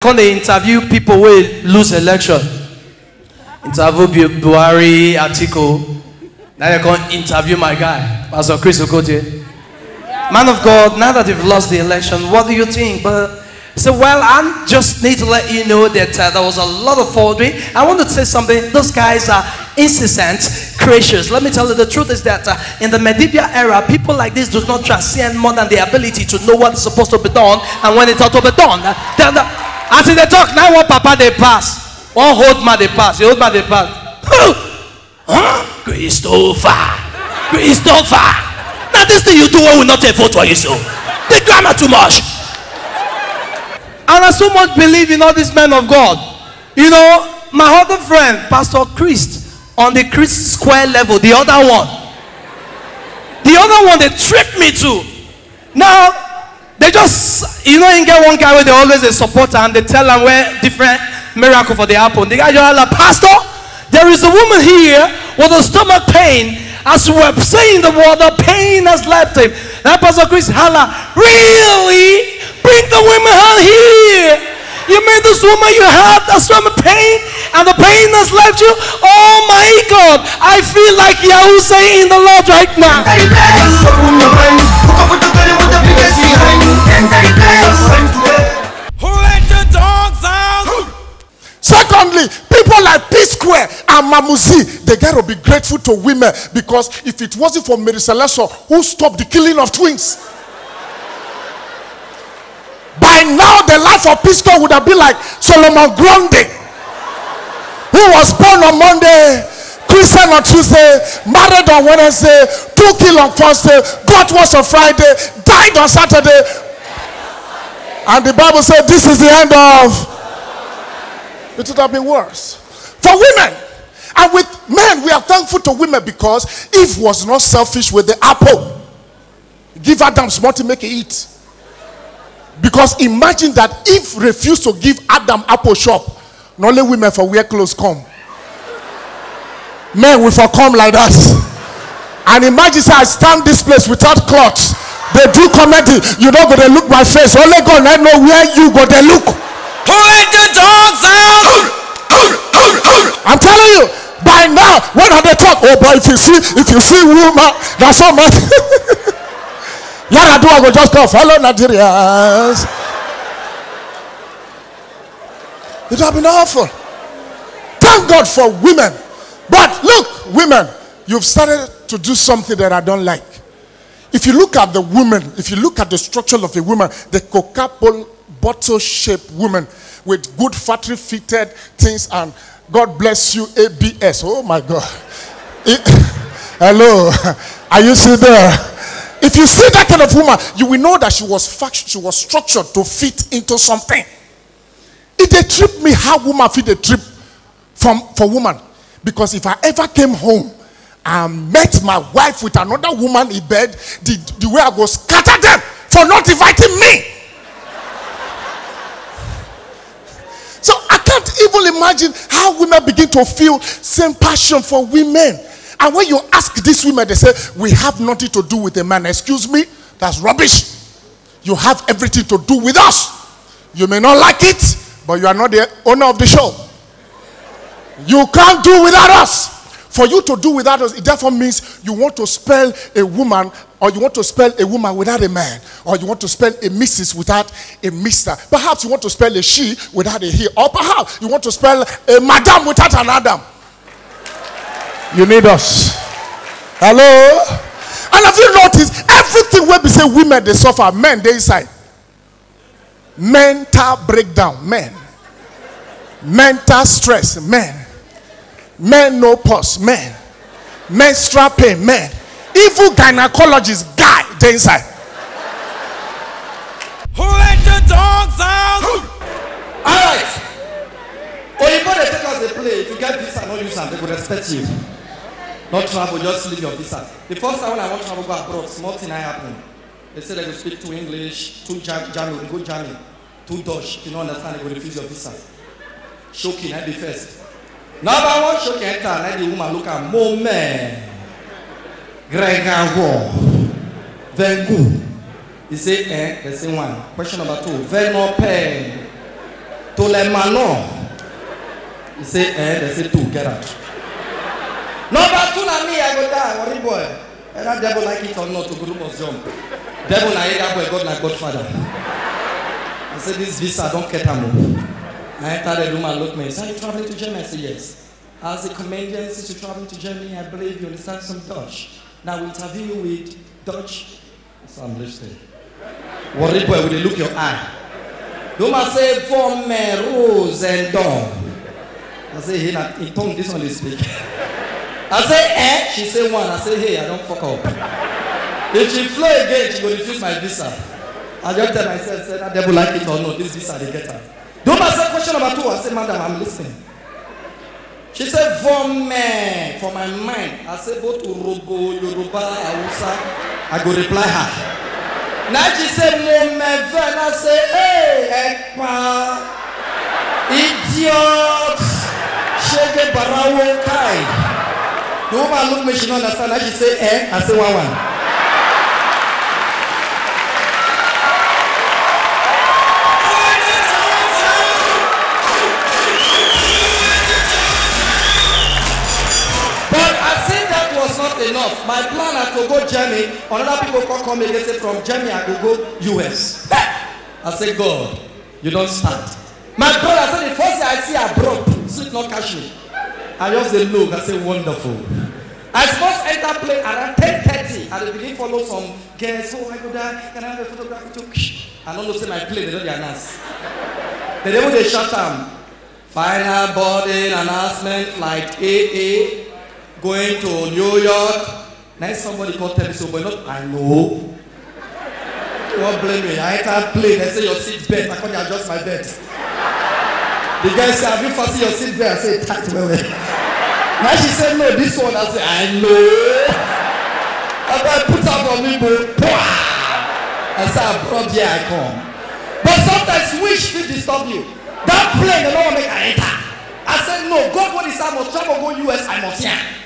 Come they interview people who lose election interview Buhari article. now they come interview my guy Pastor Chris Okoje man of God now that you've lost the election what do you think but so well I just need to let you know that uh, there was a lot of forgery I want to say something those guys are incessant creatures. let me tell you the truth is that uh, in the medieval era people like this do not transcend more than the ability to know what is supposed to be done and when it's ought to be done uh, as e dey talk now one papa dey pass one old man dey pass the old man dey pass huh? christopher christopher na this thing you do wey we no take vote for you so the grammar too much. and i so much believe in all these men of god you know my other friend pastor christ on the christ square level the other one the other one dey trip me too now They just, you know, you get one guy where they always a supporter, and they tell them where different miracle for the happen. The guy just like, Pastor, there is a woman here with a stomach pain. As we are saying the word, the pain has left him. That Pastor Chris holla, really? Bring the woman out here. You made this woman, you have a stomach pain, and the pain has left you. Oh my God, I feel like Yahusei saying the Lord right now. Secondly, people like P Square and Mamuzi, the guy will be grateful to women because if it wasn't for Mary Celeste, who stopped the killing of twins? By now, the life of P Square would have been like Solomon Grundy, who was born on Monday. Christian on Tuesday, married on Wednesday, took ill on Thursday, got worse on Friday, died on Saturday, and the Bible said, This is the end of. It would have been worse. For women. And with men, we are thankful to women because Eve was not selfish with the apple. Give Adam to make it eat. Because imagine that Eve refused to give Adam apple shop, not only women for wear clothes come. Men will for come like that. And imagine say, I stand this place without clothes. They do comedy. You don't go to look my face. Only God, I know where you go to look. Who the dogs out? I'm telling you, by now, when have they talk? Oh boy, if you see, if you see woman, that's so much. Yara do I go just call fellow Nigerians. It have been awful. Thank God for women. But look, women, you've started to do something that I don't like. If you look at the woman, if you look at the structure of a woman, the coca bottle shaped woman with good factory fitted things and God bless you, ABS. Oh my God. It, hello. Are you still there? If you see that kind of woman, you will know that she was fact, she was structured to fit into something. It they trip me how woman fit a trip from for woman. Because if I ever came home I met my wife with another woman in bed, the, the way I go scatter them for not inviting me. so I can't even imagine how women begin to feel same passion for women. And when you ask these women, they say, We have nothing to do with a man. Excuse me, that's rubbish. You have everything to do with us. You may not like it, but you are not the owner of the show. You can't do without us. For you to do without us, it therefore means you want to spell a woman or you want to spell a woman without a man, or you want to spell a Mrs. without a Mister. Perhaps you want to spell a she without a he, or perhaps you want to spell a madam without an Adam. You need us. Hello? And have you noticed everything where we say women they suffer, men they inside. Mental breakdown, men. Mental stress, men. menopause, men, menstrual pain, men, evil gynecologist guy, the inside. Who let the dogs out? All right. Oyinbo dey take us dey play if you get visa no use am they go respect you no travel just leave your visa the first time when i wan travel go abroad small thing na happen they say they go speak two english two german go german two dutch if you no understand they go refuse your visa shocking i be first Number one show can let the woman look at moment. Gregor, then go. He say, eh, person one. Question number two, venope. Tolemano. He say, eh, they say two, get out. Number two, na me, I go die, worry boy. Whether devil like it or not, Oguru must jump. Devil na either boy, God na Godfather. I say, this visa, don't get am o. I entered the room and looked me. So Are you traveling to Germany? I said, Yes. As a comedian, since you're traveling to Germany, I believe you understand some Dutch. Now we interview you with Dutch. So I'm listening. What it will they look your eye? You must say, For me, rose and dawn. I say, Hey, like, in tongue, this one is speak. I say, Eh? She say, One. I say, Hey, I don't fuck up. if she fly again, she will refuse my visa. I just tell myself, say, that devil like it or not, this visa they get her. Don't ask question number two. I said, Madam, I'm listening. She said, for me, eh, for my mind. I said, go to Robo, Yoruba, Hausa. I go reply her. Now she said, no me ven. I said, hey, ekpa, idiot, shege barawo kai. The woman looked me, she don't understand. Now she said, eh, I said, one, one. not enough my plan na to go germany another people come come again say from germany i go go us i say god you don stand my brother say the first thing i see abroad sleep not catch me i just dey look i say wonderful i suppose enter plane around ten thirty i dey begin follow some girls so oh, i go die can i have a photograph with you i no know say my plane dey don dey announce dem dey even dey shout am final boarding announcement flight aa going to New York. Now somebody called tell me so, but not I know. You won't blame me. I entered plane. They say your seat's bent. I can't adjust my bed. The guy said, Have you fastened your seat belt? I said, Tight, well, well. Now she said, No, this one. I said, I know. And then I put up on me, but I said, Abroad, here I come. But sometimes wish fit disturb you. That plane, the Lord make I enter. I said, No, God, what is I must travel, go US, I must here. Yeah.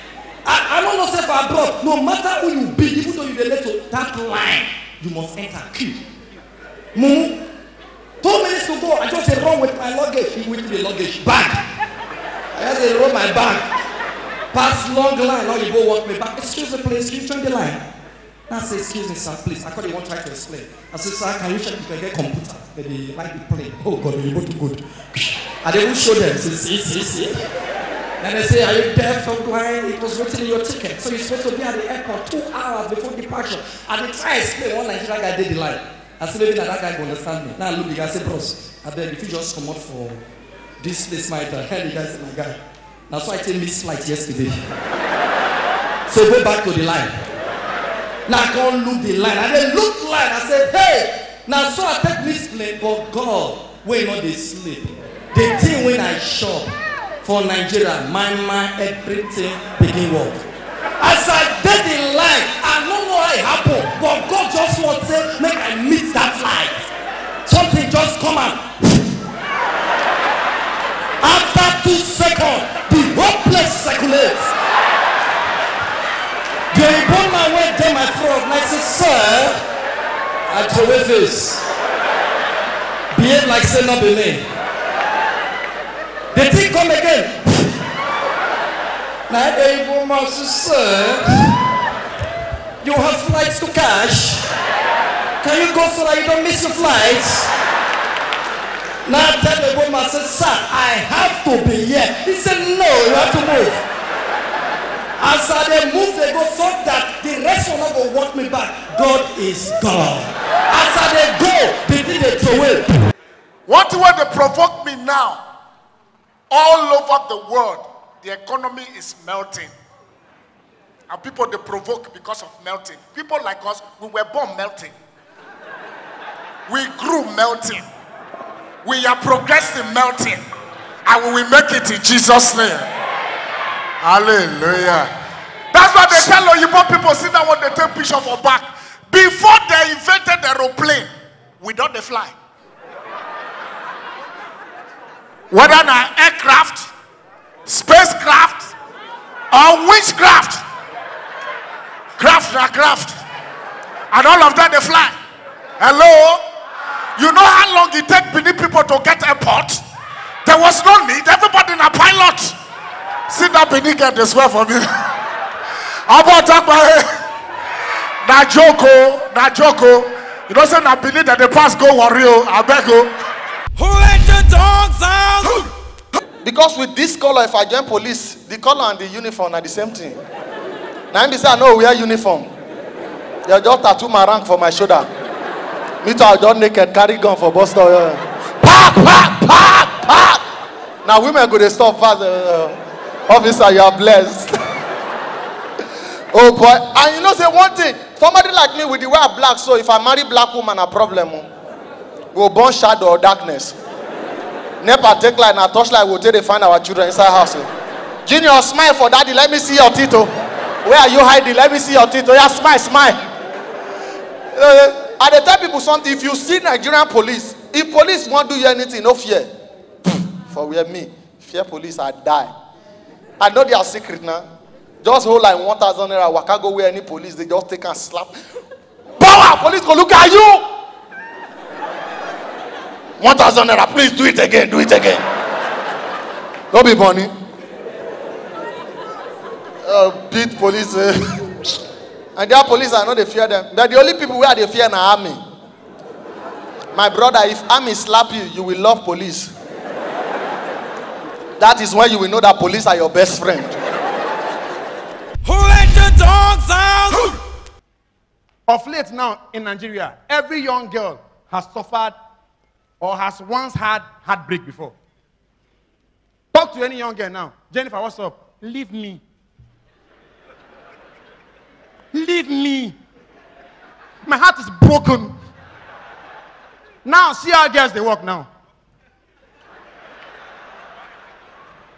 I, I no know say for abroad no matter who you be even though you dey late to that line you must enter queue mumu two minutes to go I just dey run with my luggage he with the luggage bag I just dey run my bag pass long line now you go walk me back excuse me please can you join the line na say excuse me sir please I call you. one try to explain I say sir can you check if I get computer maybe light the plane. oh God oyibo too good I dey even show them see see see see. And they say, Are you deaf or blind? It was written in your ticket. So you're supposed to be at the airport two hours before departure. And they try to explain one Nigerian guy did the line. I said, Maybe that, guy will understand me. Now I look, the guy said, Bros, I beg if you just come out for this place, my time. Hey, the guy said, My guy. That's why I take missed flight yesterday. so go back to the line. Now I can't look the line. and they look line. I said, Hey, now so I take this plane, but God, wait, not they sleep. The thing when I shop for nigeria my mind everything begin work as i dey the life i no know how e happen but god just want say make i meet that light something just come out after two seconds the whole place circulate the oyibo man wey dey my front na say sir i throway face behave like say no be me. The thing come again. now the Igbo master said, you have flights to catch. Can you go so that you don't miss your flights? Now I tell the Igbo master, sir, I have to be here. He said, no, you have to move. As I they move, they go so that the rest will not go walk me back. God is God. As I they go, they did it to it. What were they provoke me now? All over the world, the economy is melting. And people, they provoke because of melting. People like us, we were born melting. We grew melting. We are progressing melting. And we will make it in Jesus' name. Hallelujah. That's why they tell you people, see that when they take picture of our back. Before they invented the aeroplane, we don't fly. whether an aircraft, spacecraft, or witchcraft. Craft na craft. And all of that they fly. Hello? You know how long it takes many people to get airport? There was no need. Everybody in a pilot. See that Benin get this well for me. About talk about it. Na joko, na joko. You don't say na Benin that the past go warrior. Oh. I beg you. Oh. dogs out. because with this color if i join police the color and the uniform are the same thing Now, him be say i no uniform they just tattoo my rank for my shoulder me too i just naked carry gun for bus stop yeah. pack pack pack pack na women go dey stop pass uh, uh, officer you are blessed oh boy and you know say one thing somebody like me with the way i black so if i marry black woman a problem o oh. go born shadow or darkness NEPA take light, now touch light, we'll take they find our children inside house. Oh. Junior, smile for daddy. Let me see your tito. Oh. Where are you hiding? Let me see your tito. Oh. Yeah, smile, smile. Uh, I tell people something. If you see Nigerian police, if police won't do you anything, no fear. For where me, fear police, I die. I know they are secret now. Just hold like 1,000 naira, can't go where any police, they just take and slap. Power! Police go look at you! 1,000 naira. Please do it again. Do it again. Don't be funny. Uh, beat police. Eh. and their police, I know they fear them. They're the only people where they fear in the army. My brother, if army slap you, you will love police. That is when you will know that police are your best friend. Who let the dogs out? Of late now in Nigeria, every young girl has suffered or has once had heartbreak before. Talk to any young girl now. Jennifer, what's up? Leave me. Leave me. My heart is broken. Now, see how girls they walk now.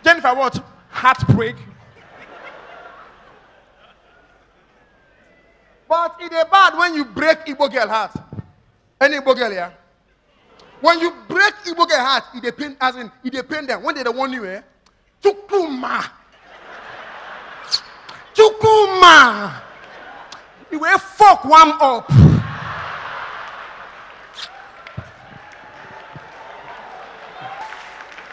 Jennifer, what? Heartbreak. but it is bad when you break Igbo girl heart. Any Igbo girl here? Yeah? When you break Igbo girl heart, it depend as in it depend them. When they the one you eh? Tukuma, tukuma, You will fuck one up.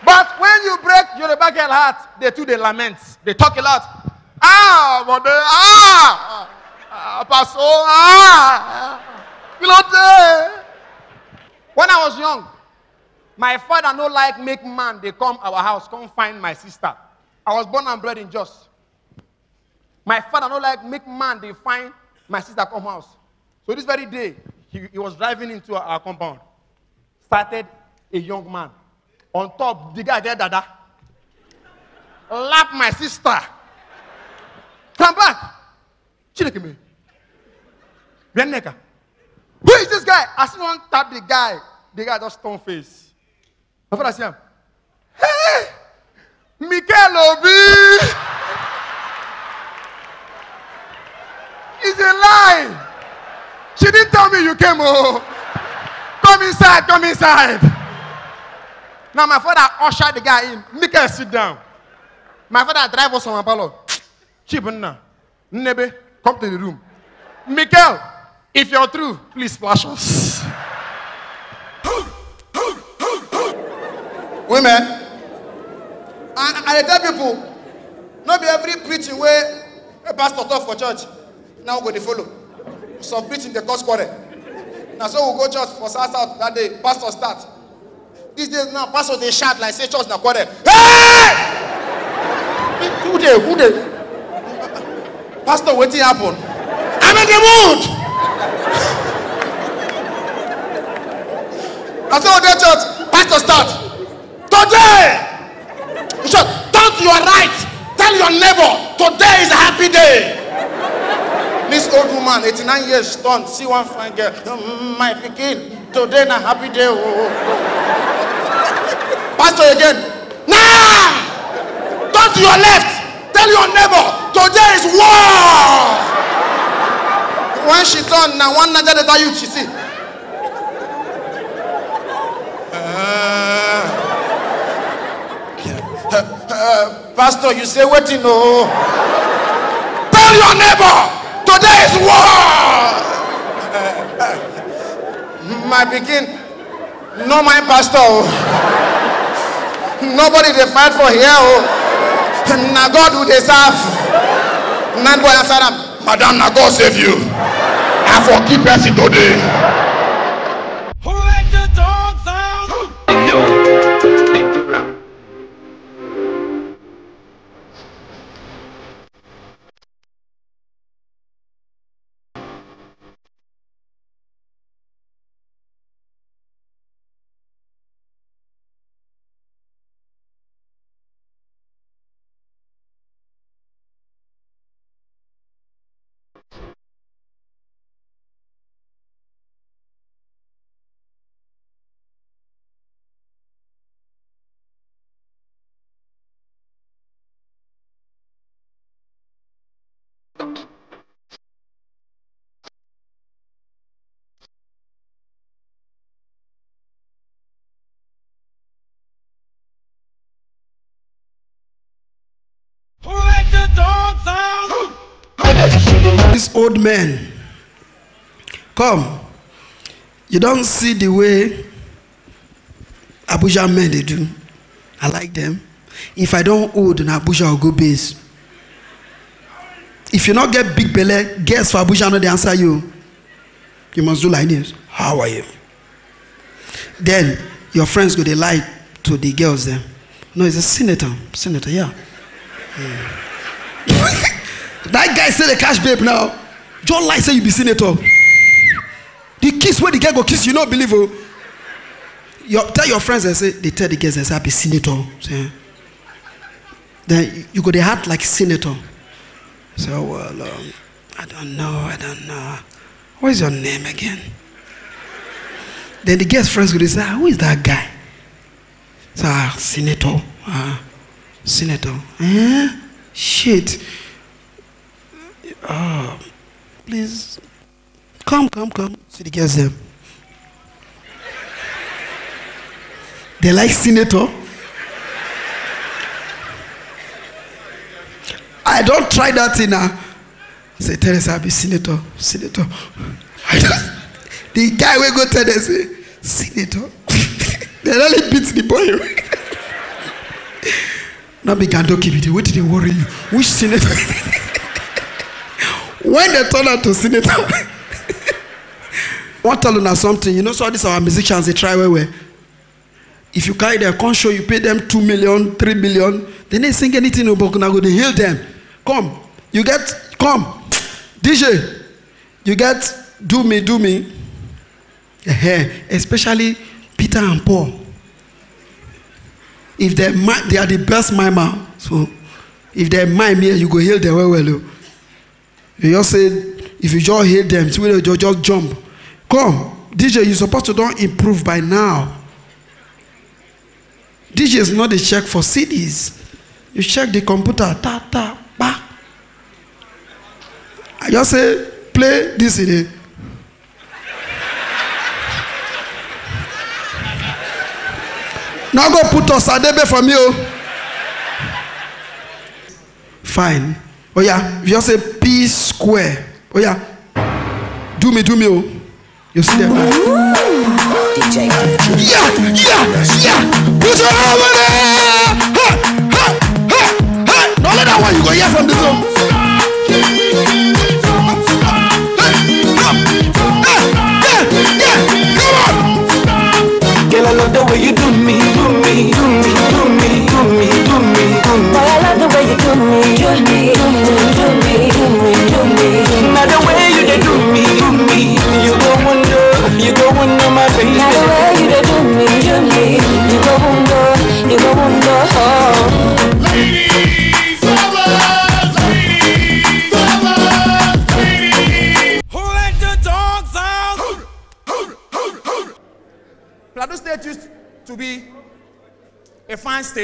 But when you break Yoruba girl heart, they too they lament. They talk a lot. Ah, mother, ah, ah, pastor, ah, you know, When I was young, my father no like make man. They come our house, come find my sister. I was born and bred in Jos. My father no like make man. They find my sister come house. So this very day, he, he was driving into our, our compound. Started a young man. On top, the guy there, dada. Lap my sister. Come back. Chineke me. Who is this guy? I see one tap the guy. Obrigado aos que estão fez. Vou falar assim, ó. Hey, me quer It's a lie. She didn't tell me you came home. Oh. Come inside, come inside. Now my father ushered the guy in. Make sit down. My father drive us on from Apollo. Chibunna, Nebe, come to the room. Mikel, if you're true, please flash us. women and i dey tell people no be every preaching wey a pastor talk for church na we go dey follow some preaching dey cause quarrel na so we go church for south south that day pastor start these days now pastor dey shout like say church na quarrel hey who dey who dey pastor wetin happen I in the mood. I we oh, church, pastor start. Today, you should turn to your right. Tell your neighbor, today is a happy day. This old woman, 89 years, turned, see one fine girl. Hmm, my pikin, today na happy day. Oh, oh. Pastor again. Nah! Turn to your left. Tell your neighbor, today is war. When she turn na one Niger Delta youth, she see. Uh, Uh, pastor, you say what you know. Tell your neighbor, today is war. Uh, uh, my begin, no my pastor. Nobody they fight for here. Oh. Now God who they serve. Now boy I said, Madam, now God save you. I forgive person today. old men. Come. You don't see the way Abuja men they do. I like them. If I don't hold an Abuja, i go base. If you not get big belly, guess for Abuja, no, they answer you. You must do like this. How are you? Then your friends go, they lie to the girls then. No, it's a senator. Senator, yeah. yeah. that guy still a cash babe now john lie say you be senator the kiss where the girl go kiss you not believe oh. your tell your friends and say they tell the girls and say i be senator then you go dey act like senator So oh, well um, i don't know i don't know what is your name again then the girls friends go dey say ah, who is that guy So ah senator ah senator eh shit oh. Please, come, come, come. See the girls them. They like senator. I don't try that in a. Say, Teresa, I'll be senator, senator. the guy will go tell them, say, senator. they really beat the boy. Not be Gandoki, what did they worry you? Which senator? when they turn out to senator one tell una something you know so all these our musicians dey try well well if you carry their come show you pay them two million three million they no sing anything o but una go dey hail them come you get come dj you get do me do me especially peter and paul if dem they are the best mimer so if they mime here you go hail them well well o. Oh. You just say if you just hate them, it's will just, just jump. Come, DJ, you supposed to don't improve by now. DJ is not a check for CDs. You check the computer, ta ta ba. I just say, play this CD. now go put us Adebe for me. Oh. Fine. Oya, viens c'est P square. Oh yeah. Do me, do me oh. You see Yeah, yeah, yeah. Put there. let that one you go from the zone. do me, do me, do me, do me, do me. do me, do me.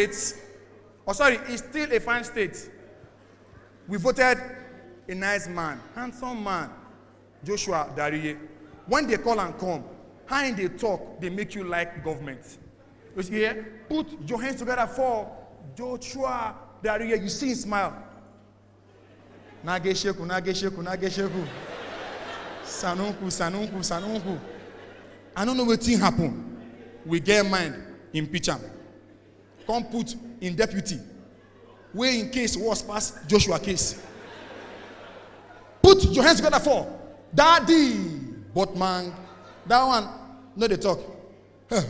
state, or oh, sorry, it's still a fine state. We voted a nice man, handsome man, Joshua Darie. When they call and come, how in they talk, they make you like government. You see here? Put your hands together for Joshua Darie. You see him smile. Nage sheku, nage sheku, nage sheku. Sanunku, sanunku, sanunku. I don't know what thing happened. We get mind, in him come put in deputy wey in case was pass joshua case put your hands together for daddy but that one no dey talk that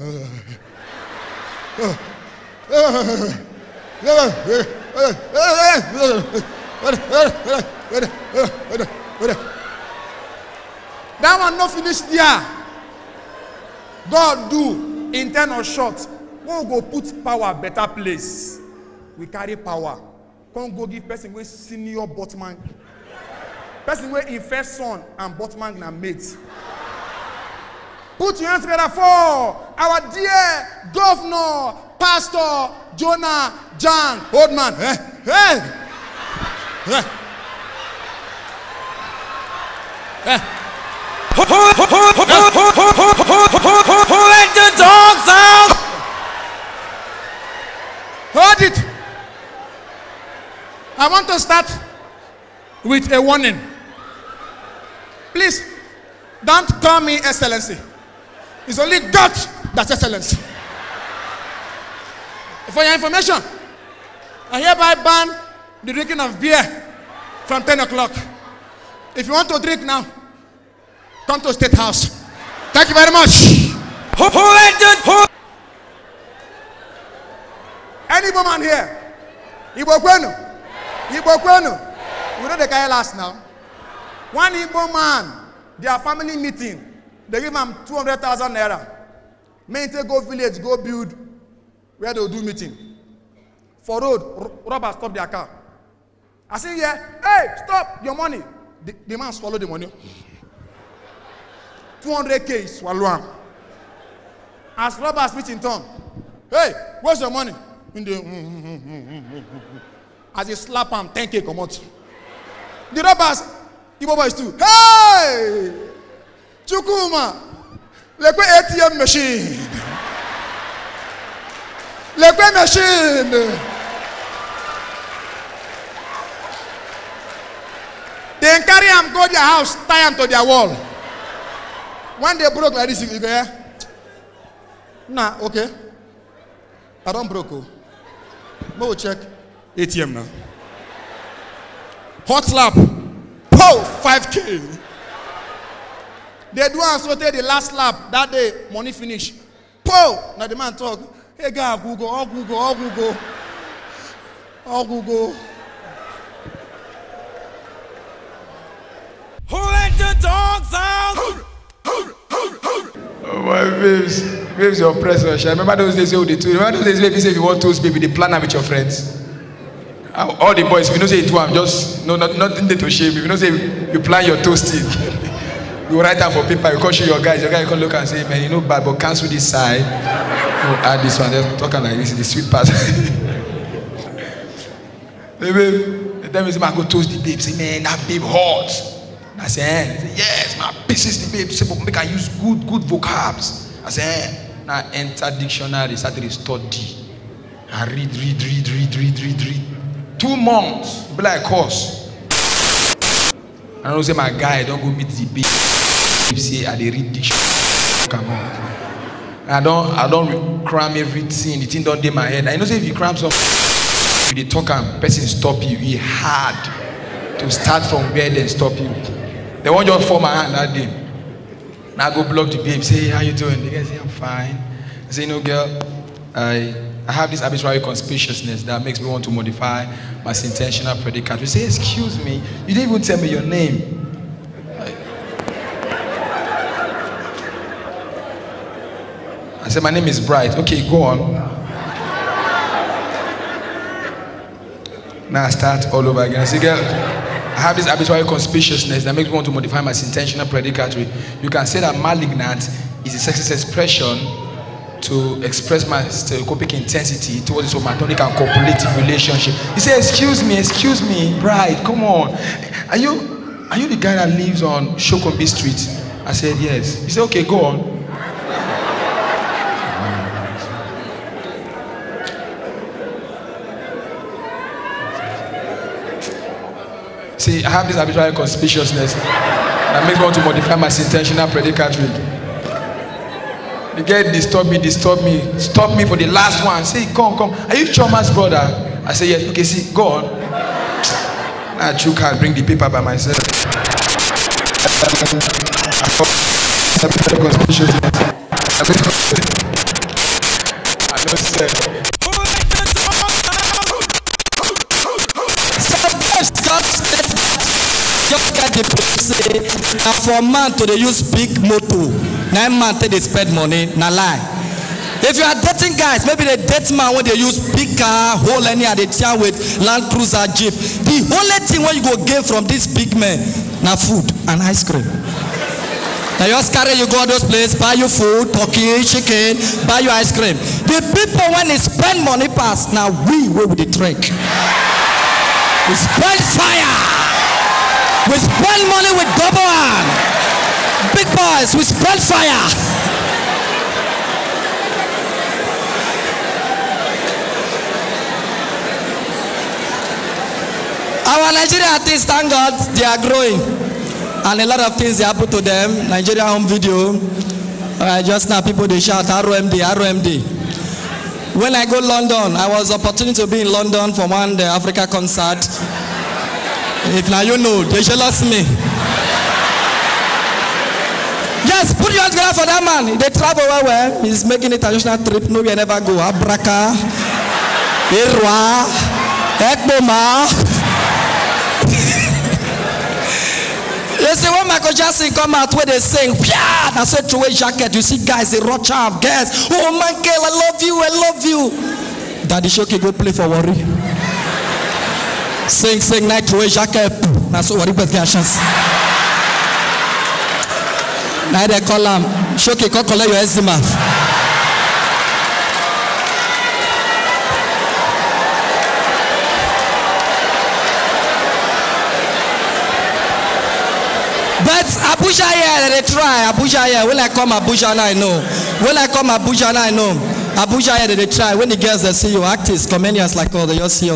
one no finish there god do in ten or short one go put power better place we carry power come go give person wey senior botman person wey im first son and botman na mate put your hands together for our dear governor pastor jonah jan man. eh, eh. Eh. Eh. to start with a warning. Please, don't call me excellency. It's only God that's excellency. For your information, I hereby ban the drinking of beer from 10 o'clock. If you want to drink now, come to State House. Thank you very much. Any woman here, Ibo Igbo Kwenu. We know the guy last now. One Igbo man, their family meeting, they give him 200,000 naira. Men take go village, go build where they'll do meeting. For road, robbers stop their car. I say, yeah, hey, stop your money. The, the man swallow the money. 200K swallow am. As robbers in turn, hey, where's your money? In the, mm, mm, mm, mm, mm, mm. mm as he slap am 10k comot the robbers igbo boys too hey chukwuma lekwe atm machine lekwe machine dem carry am go their house tie am to their wall one day broke like this you go hear na okay i don broke o oh. mo check ATM now. Hot lap. Po 5K. They do and so take the last lap that day, money finish. Po! Now the man talk. Hey guy, Google, all Google, all Google. All Google. Who let the dogs out? Oh, my babes, babes, your presence. remember those days, you the two. Remember those days, baby, say if you want tools, baby, the planner with your friends. all the boys if you know say you do am just no not, nothing dey to shame if you know say you plan your toasting you go write am for paper you come show your guys your guys come look am say man you know, bad but cancel this side go add this one just talk am like this the sweet part the babe they tell me say ma go toast the babe say man that babe hot i say eh say yes my pieces the babe say but make i use good good vocabs i say eh na enter dictionary start to dey study I read read read read read read read two months be like horse i don't say my guy don't go meet the babe say i dey read this. come on i don't i don't cram everything the thing don't dey my head i know say if you cram something you dey talk and person stop you It hard to start from where and stop you They won't just fall my hand that day Now i go block the babe say how you doing They say i'm fine i say no girl i I have this arbitrary conspicuousness that makes me want to modify my intentional predicate. You say, excuse me, you didn't even tell me your name. I said, my name is Bright. Okay, go on. Now I start all over again. I say, girl, I have this arbitrary conspicuousness that makes me want to modify my intentional predicate." You can say that malignant is a sexist expression to express my stereoscopic intensity towards this romantic and copulative relationship. He said, excuse me, excuse me, bride, come on. Are you, are you the guy that lives on Shokombi Street? I said, yes. He said, okay, go on. See, I have this arbitrary conspicuousness that makes me want to modify my intentional predicatory. Get girl disturbed me, disturb me, stop me for the last one. Say, come, come. Are you Choma's brother? I say, yes. Okay, see, go on. I too can't bring the paper by myself. I don't say. just get the place say eh? na for man to dey use big motor na im man take dey spend money na lie if you are dating guys maybe the date man wey dey use big car hole anyhow dey tear with land cruiser jeep the only thing wey you go gain from this big man na food and ice cream. They just carry you go those place, buy you food, turkey, chicken, buy you ice cream. The people when they spend money pass, now we, we will drink. We spend fire. We spend money with double hand. Big boys, we spend fire. Our Nigerian artists, thank God, they are growing. And a lot of things they happen to them. Nigeria home video. Uh, just now, people they shout RMD, RMD. When I go London, I was opportunity to be in London for one the Africa concert. If now you know, they jealous me. Yes, put your hands together for that man. They travel well, well. He's making international trip. No, we never go. Abraka, Erwa, Ekboma. You see, when Michael Jackson come out where they sing, yeah, that's a throwaway jacket. You see, guys, they rush up, guys. Oh, girl, I love you, I love you. Daddy Shoki, go play for worry. Sing, sing, night away, jacket. so That's what it is. I dey call them, Shoki, call your eczema. But Abuja here, yeah, dey try. Abuja here. Yeah. Will I come Abuja now? I know. When I come Abuja now? I know. Abuja here they, try. When the girls they see you, act actors, comedians like all oh, they just see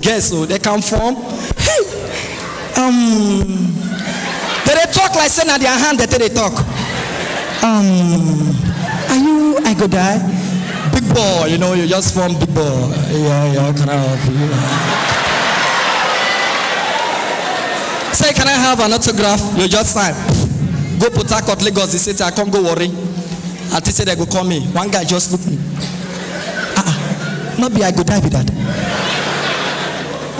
guess who? They come from. Hey, um, they, they talk like saying at their hand that they, they talk. Um, are you? I go die. Big boy, you know, you just from big boy. Yeah, yeah. Can I help you? Say, can I have an autograph? You just sign. Go Port Harcourt, Lagos, the say I can't go worry. I think say they go call me. One guy just look me. Ah, uh-uh. not be I go die with that.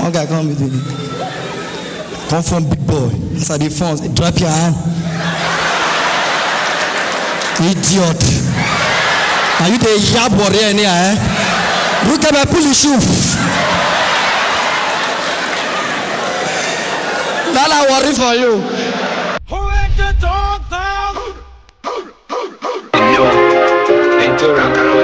One guy come with me. Come from big boy. As I phone, drop your hand. Idiot. Are you the yab warrior in here? Eh? Look at my police shoe. That I worry for you. Gracias.